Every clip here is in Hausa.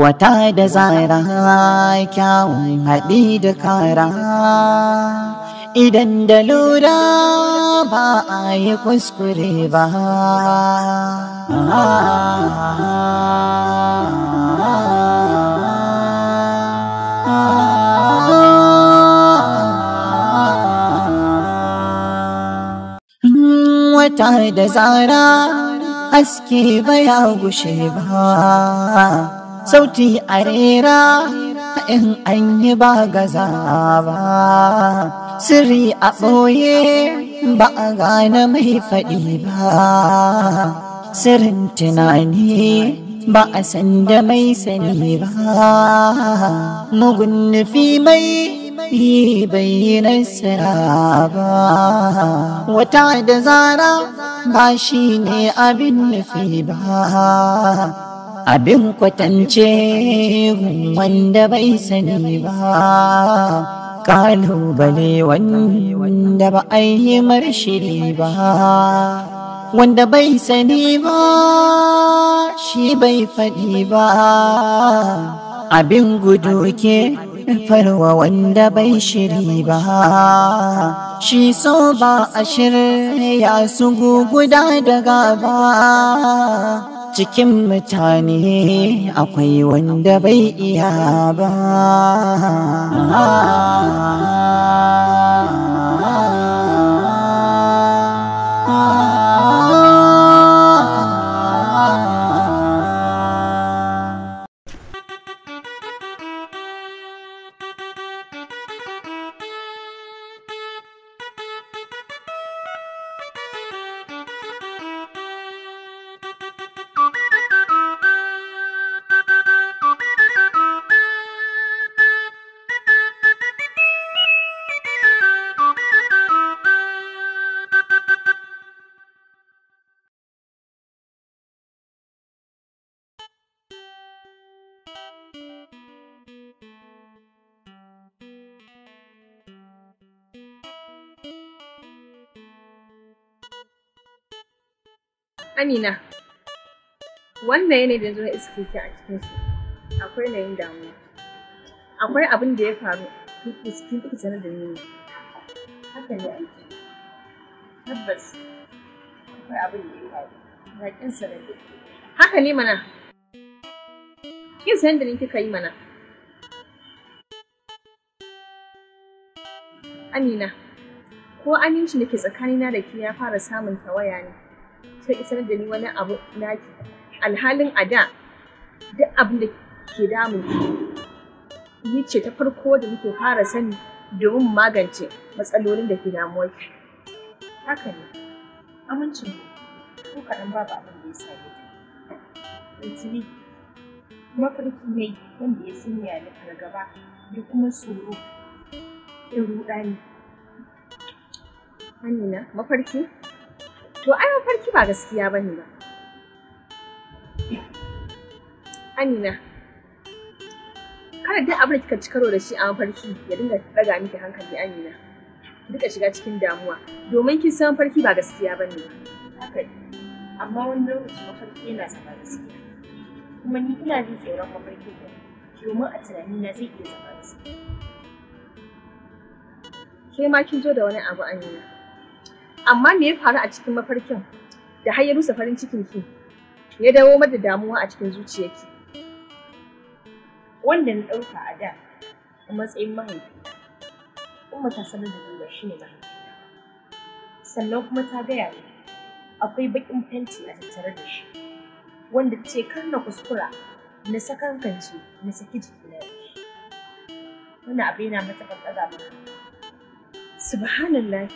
wata da zara kyawun haɗi da kara idan da lura ba a yi kuskure ba wata da zara aske baya gushe ba sauti a rera in an yi ba gaza ba sirri a ɓoye ba a gane mai faɗi ba sirrin tunani ba a san da mai sani ba mugun nufi mai yi bayyanar sira ba wata da zara ba shi ne abin nufi ba abin kwatance wanda bai sani ba kalubale wanda ba a yi marshiri ba wanda bai sani ba shi bai faɗi ba abin gudu ke farwa wanda bai shiri ba shi so ba a shirya su guguda daga ba cikin mutane akwai wanda bai iya ba ah. Amina, wannan yanayi da zuwa iske ki a cikin su akwai yanayin damuwa. Akwai abin da ya faru cikin kuka sanar da ni. Haka ne aiki. Tabbas, akwai abin da ya faru. Na kin sanar da Haka ne mana. Kin sanar da ni kika yi mana. Amina, ko aminci da ke tsakanina da ke ya fara samun tawaya ne. ta isar da ni wani abu naki alhalin a da duk abin da ke damun ni ce ta farko da muke fara sani domin magance matsalolin da ke damuwa ki haka ne amincin ko kaɗan babu abin da ya sa ni mafarki ne wanda ya sanya ni fargaba da kuma tsoro in ruɗa Amina, mafarki? To ai mafarki ba gaskiya ba ne ba. Amina, kada duk abin da kika ci karo da shi a mafarki ya dinga daga miki hankali Amina. Duka shiga cikin damuwa domin kin san mafarki ba gaskiya ba ne. ba. amma wani lokaci mafarki yana zama gaskiya. Kuma ni ina jin tsoron mafarki ɗin domin a tunanina zai iya zama gaskiya. Kai ma kin zo da wani abu Amina. amma me ya faru a cikin mafarkin da har ya rusa farin cikin ki ya dawo mata damuwa a cikin zuciyarki wanda na ɗauka a da a matsayin mahaifi kuma ta sanar da nuna shi ne na sannan kuma ta gaya ne, akwai baƙin fenti a tattare da shi wanda ce kar na kuskura na kanci na saki jikina da shi wannan abu yana mata ɗaga ba subhanallah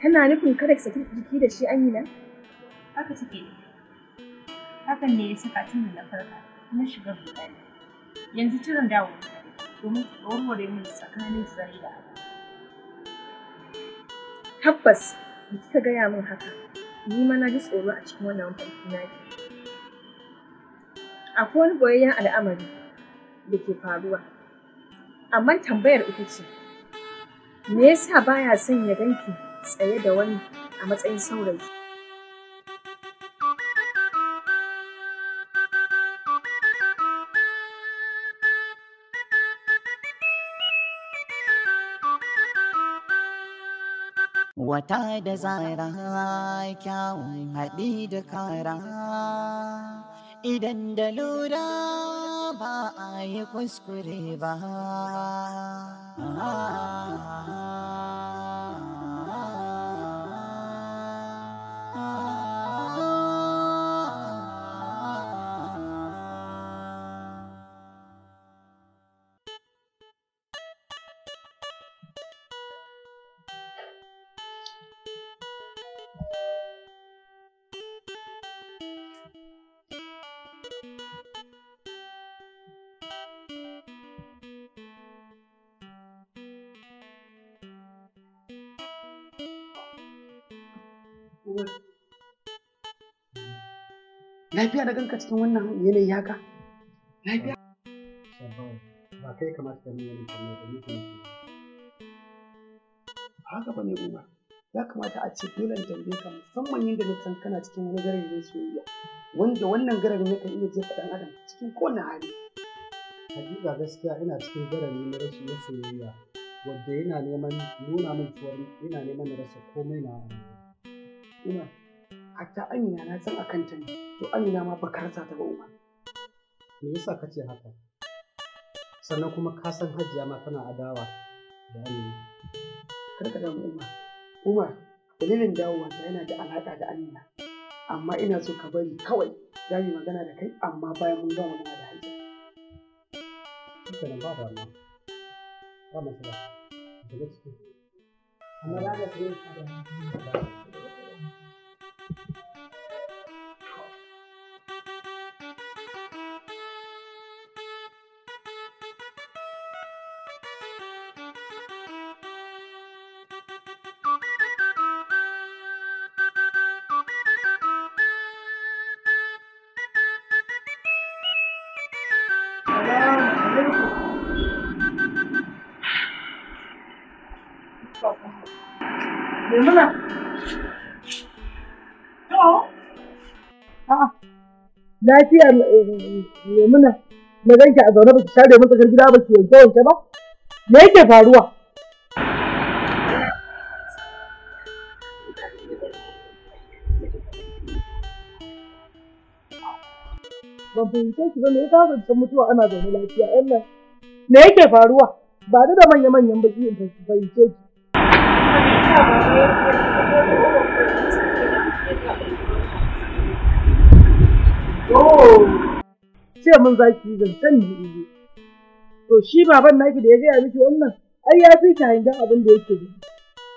Tana nufin kada ka saki jiki da shi Amina? Haka take. Hakan ne ya saka tun da na farka na shiga rudani. Yanzu kiran dawo domin ki warware min tsakanin zare da abu. Tabbas da kika gaya min haka, ni ma na ji tsoro a cikin wannan farki na ke. Akwai wani boyayyen al'amari da ke faruwa, amma tambayar ita ce, me yasa baya son ya ganki tsaye da wani a matsayin saurayi. Wata da zara kyawun haɗi da kara idan da lura ba a yi kuskure ba. kuma lafiya da ganka cikin wannan yanayi haka lafiya ba kai kamata ka nuna kamar da nake haka ba ne umar ya kamata a ce dole in tambaye ka musamman yadda na san kana cikin wani gararin soyayya wanda wannan ne kan iya jefa dan adam cikin kowane hali hakika gaskiya ina cikin gararin na rashin soyayya wadda yana neman nuna min cewa yana neman na rasa komai na rayuwa Umar, hatta Amina na san akan ta ne, to Amina ma baka rasa ta ba Umar. Me yasa ka ce haka? Sannan kuma ka san Hajiya ma tana adawa da Amina. Kar ka damu Umar. Umar, dalilin dawowa ta yana da alaƙa da Amina. Amma ina so ka bari kawai za mu magana da kai amma bayan mun gama magana da Hajiya. nan ba ba ma. Ba matsala. Daga ciki. Amma za ka tsaye da yanzu nan. A'a, lafiya eh, eh, eh, Maimuna, na gan ki a zaune ba ki share mun tsakar gida ba ki yanke wanke ba? Me yake faruwa? Ban fahimce ki ba me yasa mutuwa ana zaune lafiya ƴan nan. Me yake faruwa? Ba da manya-manyan baki in fahimce ki. Oh. ce min za ki yi zancen jirgi. To shi baban naki da ya gaya miki wannan ai ya fi ki hangen abin da yake gudu.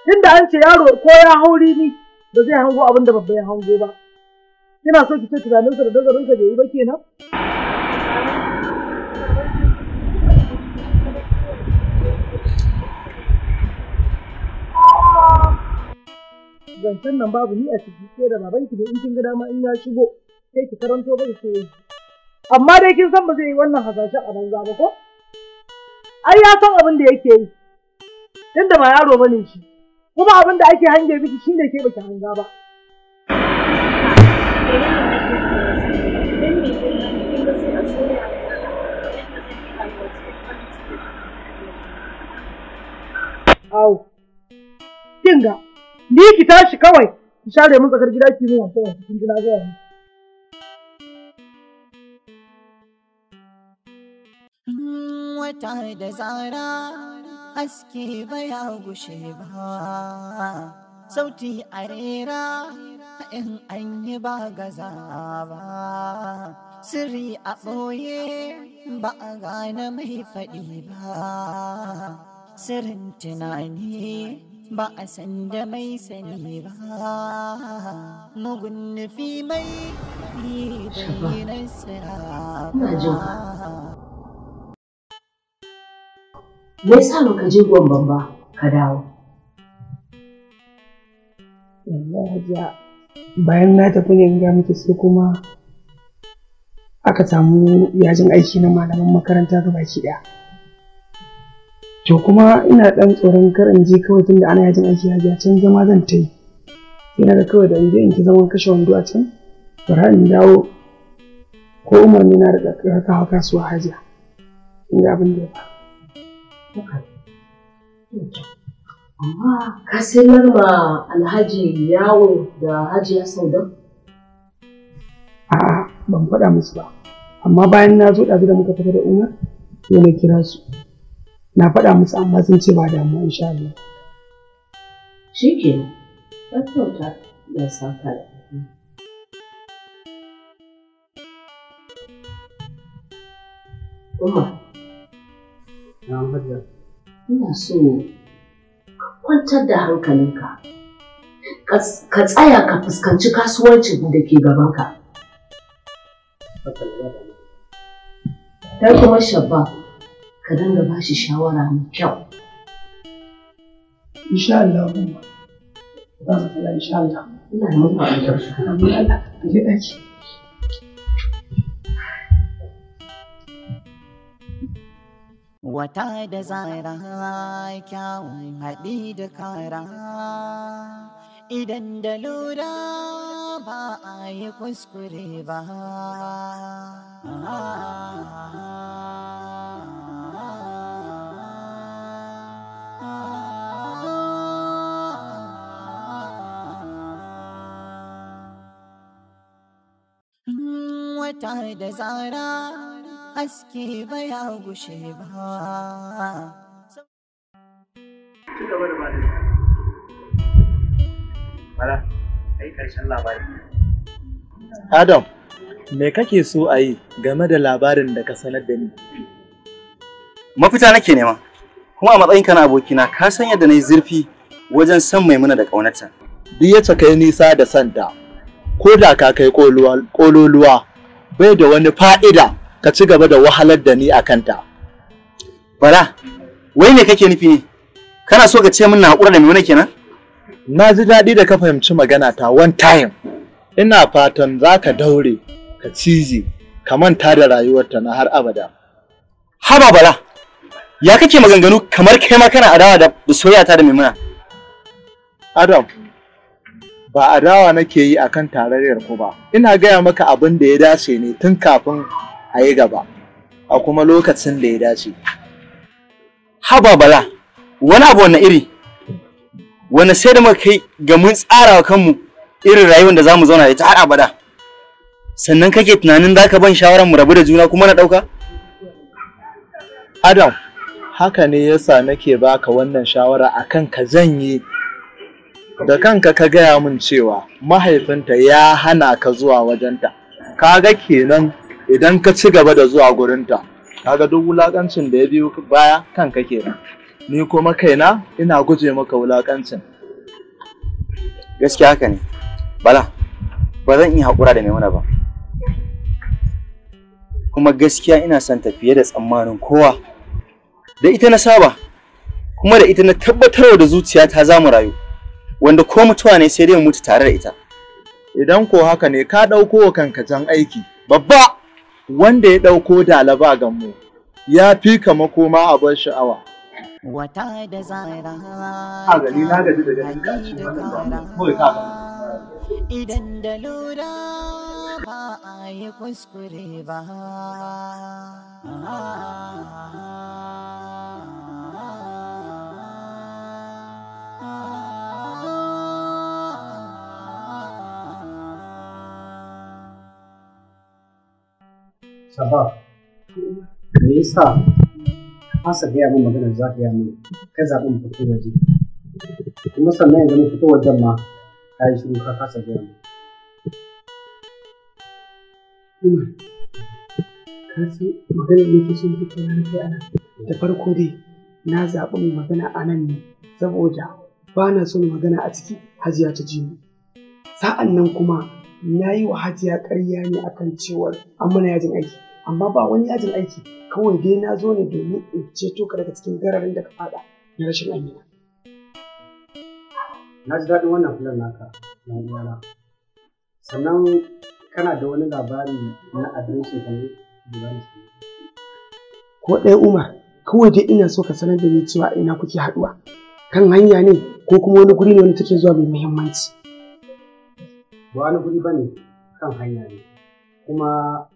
Tunda an ce yaro ko ya hauri ni ba zai hango abin da babba ya hango ba. Kina so ki ce tunaninsa da nazarinsa da yi ba kenan? zancen nan babu ni a ciki sai da babanki da in kin ga dama in ya shigo sai ki karanto ba ki yi eh. amma dai kin san ba zai yi wannan hasashe a banza ba ko ai ya san abin da yake yi tunda ba yaro bane shi kuma abin da ake hange miki shine ke baki hanga ba Au, kinga. ni ki tashi kawai ki share mun tsakar gida ki mun wanke wanke kin ji na wata da zara aske baya gushe ba sauti a rera in an yi ba gaza ba sirri a ɓoye ba a gane mai faɗi ba sirrin tunani ba a san da mai sani ba mugun nufi mai me yasa baka je gwamban ba ka dawo bayan na tafi ne ga miki sai kuma aka samu yajin aiki na malaman makaranta gaba ki daya to kuma ina dan tsoron karin in je kawai da ana yajin aiki hajiya can zama zan ta yi Ina da kawai da in je in ki zaman kashe wando a can bari in dawo ko umarni na daga kawo kasuwa hajiya in ga abin da ya amma ka sanar ma alhaji yawo da hajiya saudan? a'a ban faɗa musu ba amma bayan na zo ɗazu da muka fita da umar sai na kira su na faɗa musu amma sun ce ba in sha Allah shi ke kyauta da saka Kuma, na hajjar. Ina so ka kwantar da hankalinka, ka tsaya ka fuskanci kasuwancin da ke gabanka. Ta kuma shabba. ka dinga ba shi shawara mai kyau. Insha Allah kuma ba mu kala insha Allah. Ina da mutuwa a kyau. Amma Allah ka je ɗaki. Wata da zara kyawun haɗi da kara idan da lura ba a yi kuskure ba. Ah. ta da zara haske baya gushe ba. Adam, me kake so a yi game da labarin da ka sanar da ni? Mafita nake nema, kuma a matsayinka na abokina ka san yadda na yi zurfi wajen san maimuna da ƙaunarta. Duk ya kai nisa da santa, ko da ka kai ƙololuwa bai da wani fa'ida ka ci gaba da wahalar da ni a kanta. Bara, wai ne kake nufi Kana so ka ce min na haƙura da nuna kenan? Na ji daɗi da ka fahimci magana ta one time. Ina fatan za ka daure, ka cizi, ka manta da rayuwarta na har abada. Haba Bala, ya kake maganganu kamar kai ma kana adawa da soyayya da maimuna. Adam, ba a dawa nake yi a kan tarayyar ku ba ina gaya maka abin da ya dace ne tun kafin a yi gaba a kuma lokacin da ya dace haba bala wani abu wani iri wani sai da muka kai ga mun tsara kanmu irin rayuwar da za mu zauna da ita har abada sannan kake tunanin za ka ban shawarar mu rabu da juna kuma na ɗauka? Adam, haka ne yasa nake baka wannan shawara akan ka yi. da kanka ka gaya min cewa mahaifinta ya hana ka zuwa wajenta kaga kenan idan ka ci gaba da zuwa gurinta kaga duk wulakancin da ya biyo baya kanka kenan ni kuma kaina ina guje maka wulakancin gaskiya haka ne bala ba zan iya haƙura da maimuna ba kuma gaskiya ina son ta fiye da tsammanin kowa da ita na saba kuma da ita na tabbatarwa da zuciyata za mu rayu wanda ko mutuwa ne sai dai mutu tare da ita idan ko haka ne ka ɗauko wa kanka jan aiki babba wanda ya ɗauko dalaba ga mu ya fi ka makoma a bar sha'awa wata da zara a gani na gaji da ganin kashi wannan ba ka idan da lura ba a yi kuskure ba Sabab, me yasa ka fasa gaya min maganar za ka yi min ka zaɓi fito waje. Kuma sannan yanzu mu fito wajen ma ka yi shiru ka fasa gaya min. ka san maganar da yake son fito na kai ana. Da farko dai na zaɓi mu magana a nan ne saboda ba na son magana a ciki hajiya ta jini Sa'an nan kuma na yi wa hajiya ƙarya ne akan cewar an mana yajin aiki amma ba wani yajin aiki kawai dai na zo ne domin in ceto ka daga cikin gararin da ka fada na rashin amina. na ji daɗin wannan filan naka na uwana sannan kana da wani labari na adireshin ka ne ko ɗaya umar kawai dai ina so ka sanar da ni cewa ina kuke haɗuwa kan hanya ne ko kuma wani guri ne wani take zuwa mai muhimmanci. ba wani guri ba ne kan hanya ne kuma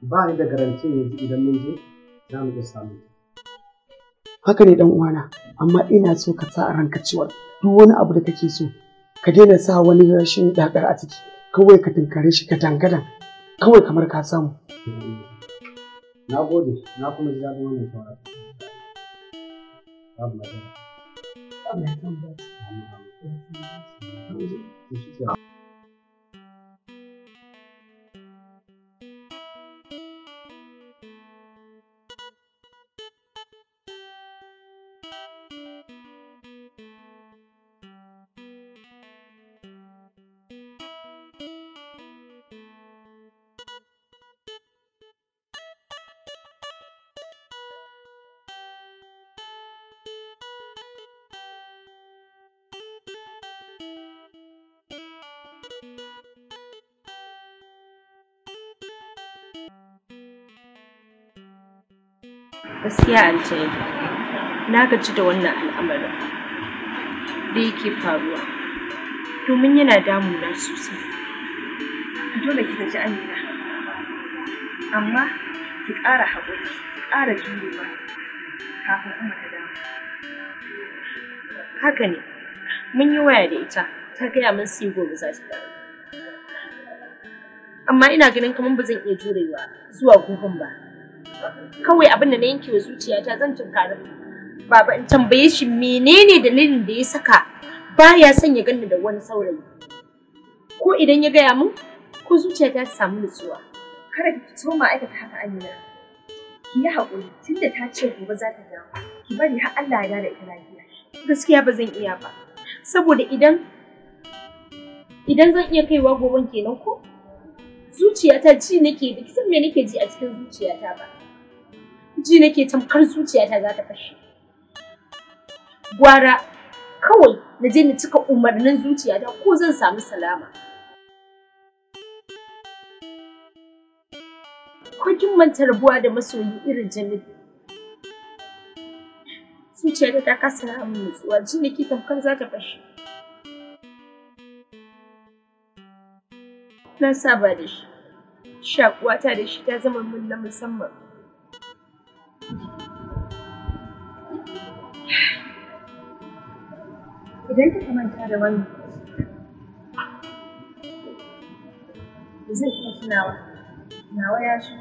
ba ni da garanti yanzu idan mun je za mu iya samu haka ne dan uwana amma ina so ka sa a ranka cewa duk wani abu da kake so ka daina sa wani rashin dakar a ciki kawai ka tunkare shi ka tangadan kawai kamar ka samu na gode na kuma ji daɗin wannan shawara babu gaskiya ce na gaji da wannan al'amarin da yake faruwa domin yana damuna sosai dole ki gaji amina amma ki ƙara haƙuri ki ƙara jurewa kafin kuma ta damu haka ne mun yi waya da ita ta gaya min sai gobe za ta dawo amma ina ganin kamar ba zan iya jurewa zuwa gobe ba kawai abin da na yanke wa zuciyata zan tunkari baba in tambaye shi menene dalilin da ya saka baya son ya ganni da wani saurayi ko idan ya gaya min? ko zuciyata ta samu nutsuwa kada ki fito ma aikata haka amina ki yi haƙuri tunda ta ce gobe za ta dawo ki bari har Allah ya da ita lafiya gaskiya ba zan iya ba saboda idan idan zan iya kaiwa goben kenan ko zuciyata ji nake da kisan me nake ji a cikin zuciyata ba ji nake tamkar zuciyata za ta fashe gwara kawai na je na cika umarnin zuciyata ko zan samu salama ko kin manta rabuwa da masoyi irin Jamil zuciyata ta kasa samun nutsuwa ji nake tamkar za ta fashe na saba da shi shakuwata da shi ta zama mun na musamman idan ka manta da wannan zai iya tunawa nawa ya shi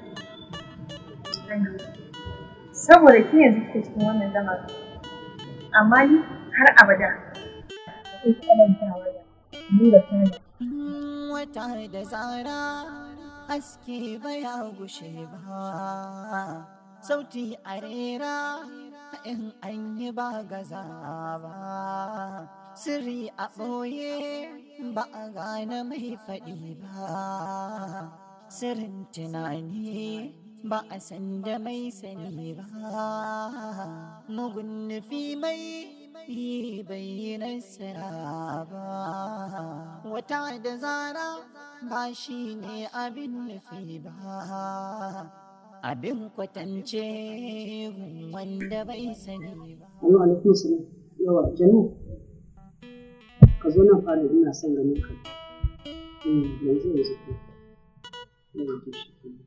saboda ke yanzu kike cikin wannan lamarin amma ni har abada ba kika ni da wata da zara aske baya gushe ba sauti a rera in an yi ba gaza ba sirri a ɓoye ba a gane mai faɗi ba sirrin tunani ba a san mai sani ba mugun nufi mai yi bayyanar sira ba wata da zara ba shi ne abin nufi ba abin kwatance wanda bai sani ba. Yau alaikum salam. Yawa Jami. Ka zo nan fara ina son ganin ka. Hmm, yanzu yanzu. Yanzu shi.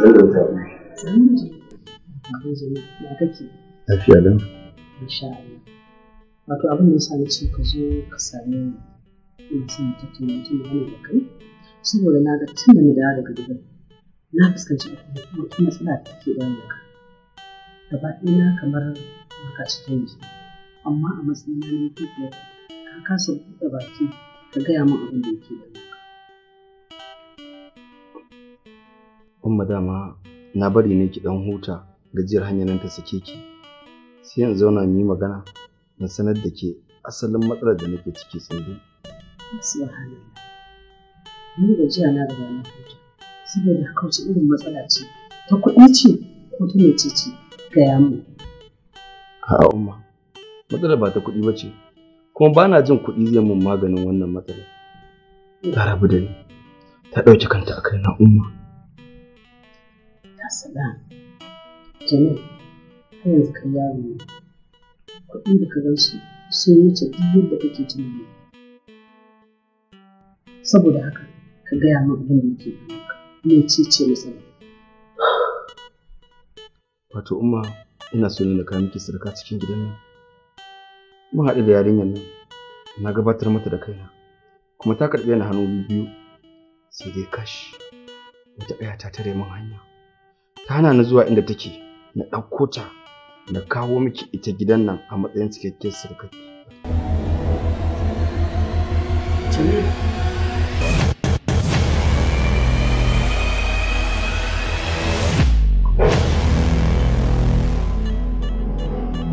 Sanar da mutane. Ya kake? Lafiya lau. Insha Allah. Wato abin da ya sa na ce ka zo ka same ni da kai saboda na ga tun da na dawo daga na fuskanci matsala da take da ka. Gaba ɗaya kamar baka cikin yanzu amma a matsayin na ka kasa buɗe baki ka gaya min abin da yake da ni. umma dama na bari ne ki dan huta gajiyar hanyar nan ta sake ki sai in zauna mu yi magana na sanar da ke asalin matsalar da nake ciki tsindi ni da jiya na riga na huta saboda kauce irin matsala ce ta kuɗi ce ko ta mece ce gaya mu a'a umma matsalar ba ta kuɗi ba ce kuma ba na jin kuɗi zai mun maganin wannan matsalar ta rabu da ni ta ɗauki kanta a kai na umma Asala. Janet, har yanzu kan yaro ne. Kuɗin da ka gan su sun wuce duk yadda kake tunani. Saboda haka, ka gaya min abin da yake ka. Me ce ce matsala? Wato, Umma, ina so ne na kawo miki sadaka cikin gidan nan. Mun haɗu da yarinyar nan, na gabatar mata da kaina, kuma ta karɓe ni hannu biyu, sai dai kashi. wata ɗaya ta tare min hanya. ta hana zuwa inda take na ɗauko ta na kawo miki ita gidan nan a matsayin cikakken surukaki.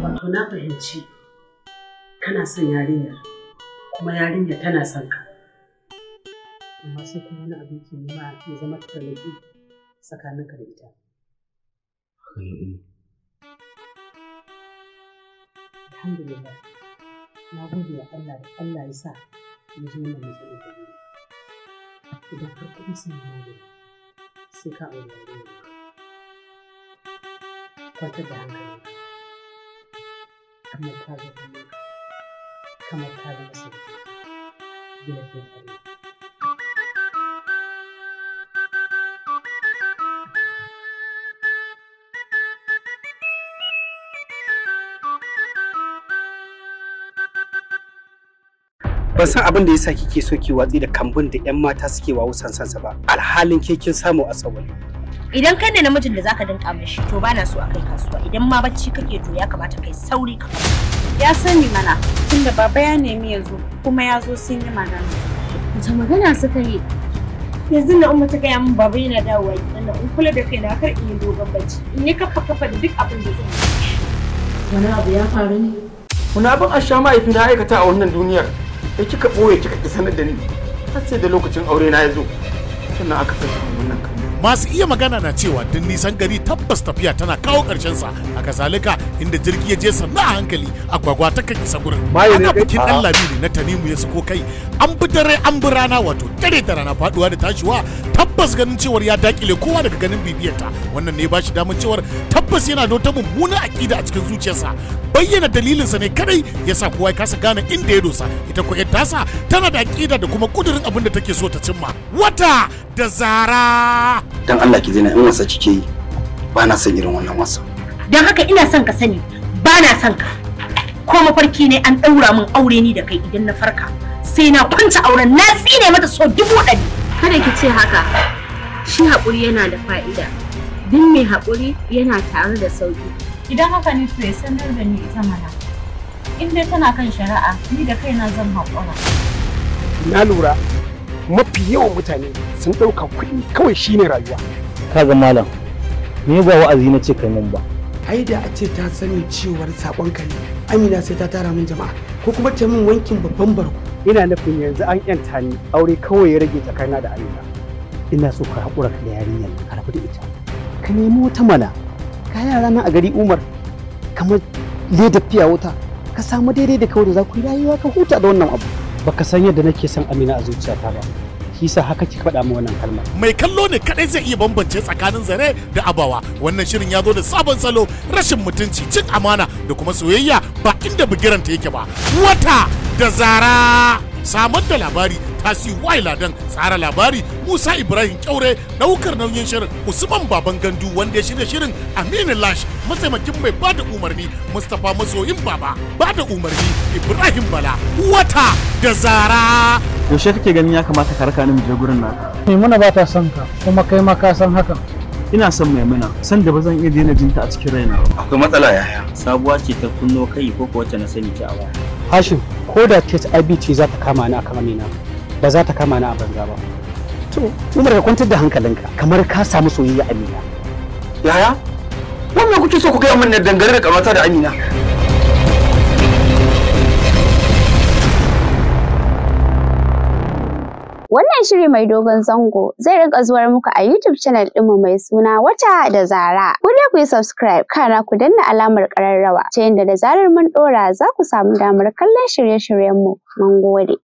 Wato na fahimci kana son yarinyar kuma yarinya tana son ka. Amma sai kuma wani abin ke nema ya zama tsakaninka da ita. haka ne Alhamdulillah. Na gode wa Allah da Allah ya sa na zo na mutu da Idan ka kuɗi sun yi sai ka aure da gari. Kwata da hankali. Kamar ka zo kamar ka zo masu gina fiye da ban san abin da yasa kike so ki watsi da kambun da yan mata suke wawo sansansa ba alhalin ke kin samu a tsawon idan kai ne namijin da zaka dinka mishi to bana so a kai kasuwa idan ma bacci kake to ya kamata kai sauri ka ya sani mana tunda baba ya nemi yanzu kuma ya zo sun yi magana ta magana suka yi yanzu na umma ta gaya min baba yana dawowa gidan in kula da kai na kar in yi dogon bacci in yi kafa kafa da duk abin da zan yi wani abu ya faru ne wani abin a sha ma'aifi na aikata a wannan duniyar da kika ɓoye kika ki sanar da ni har sai da lokacin aure na ya zo sannan aka san wannan kan masu iya magana na cewa duk nisan gari tabbas tafiya tana kawo karshen sa a kasalika inda jirgi ya je sannan a hankali agwagwa ta kan isa gurin ana bikin dan labi na tanimu ya sako kai an bi dare an bi rana wato dare da rana faduwa da tashiwa tabbas ganin cewar ya dakile kowa daga ganin bibiyarta wannan ne ba shi damar cewar tabbas yana da wata mummuna aƙida a cikin zuciyarsa bayyana dalilinsa ne kadai ya sa kowa ya kasa gane inda ya dosa ita ko tasa tana da aƙida da kuma ƙudurin abin da take so ta cimma wata da zara dan Allah ki zina in wasa kike ba na son irin wannan wasa dan haka ina son ka sani ba na son ka ko mafarki ne an ɗaura min aure ni da kai idan na farka sai na kwanta auren na tsine mata so dubu ɗari kada ki ce haka shi hakuri yana da fa'ida duk mai hakuri yana tare da sauƙi Idan haka ne to ya sanar da ni ita mana. In dai tana kan shari'a ni da kaina zan haƙura. Na lura mafi yawan mutane sun ɗauka kuɗi kawai shine rayuwa. Kaga malam, me ba wa'azi na ce kai mun ba. Ai da a ce ta sani cewar sakon kai Amina sai ta tara min jama'a ko kuma ta min wankin babban barko. Ina nufin yanzu an yanta ni aure kawai ya rage tsakanina da Amina. Ina so ka haƙura da yarinyar ka rabu da ita. Ka nemi wata mana. ga rana a gari umar kamar leda fiya wuta ka samu daidai da kawai da za ku rayuwa ka huta da wannan abu baka san yadda nake son amina a zuciyata ba kisa haka ki faɗa mu wannan kalma. Mai kallo ne kadai zai iya bambance tsakanin zare da abawa. Wannan shirin ya zo da sabon salo rashin mutunci cin amana da kuma soyayya ba inda bigiranta yake ba. Wata da zara. samar da labari tasi wai ladan tsara labari musa ibrahim kyaure daukar nauyin shirin usman baban gandu wanda ya shirya shirin aminu lash mataimakin mai bada umarni mustapha masoyin baba bada umarni ibrahim bala wata da zara yaushe kake ganin ya kamata ka raka ni mu je gurin naka maimuna ba ta son ka kuma kai ma ka san hakan ina son maimuna san da ba zan iya daina jinta a cikin raina akwai matsala yaya sabuwa ce ta kunno kai ko kuwa na sani ta a hashim ko da ce ce za ta kama ni a ba za ta kama ni a banza ba to Umar ka kwantar da hankalinka kamar ka samu soyayya Amina yaya wannan kuke so ku ga mun dangane da karwata da Amina Wannan shiri mai dogon zango zai rika zuwar muku a YouTube channel ɗinmu mai suna Wata da Zara. Ku dai ku yi subscribe kana ku danna alamar ƙararrawa ta yadda da zarar mun ɗora za ku samu damar kallon shirye-shiryenmu. Mun gode.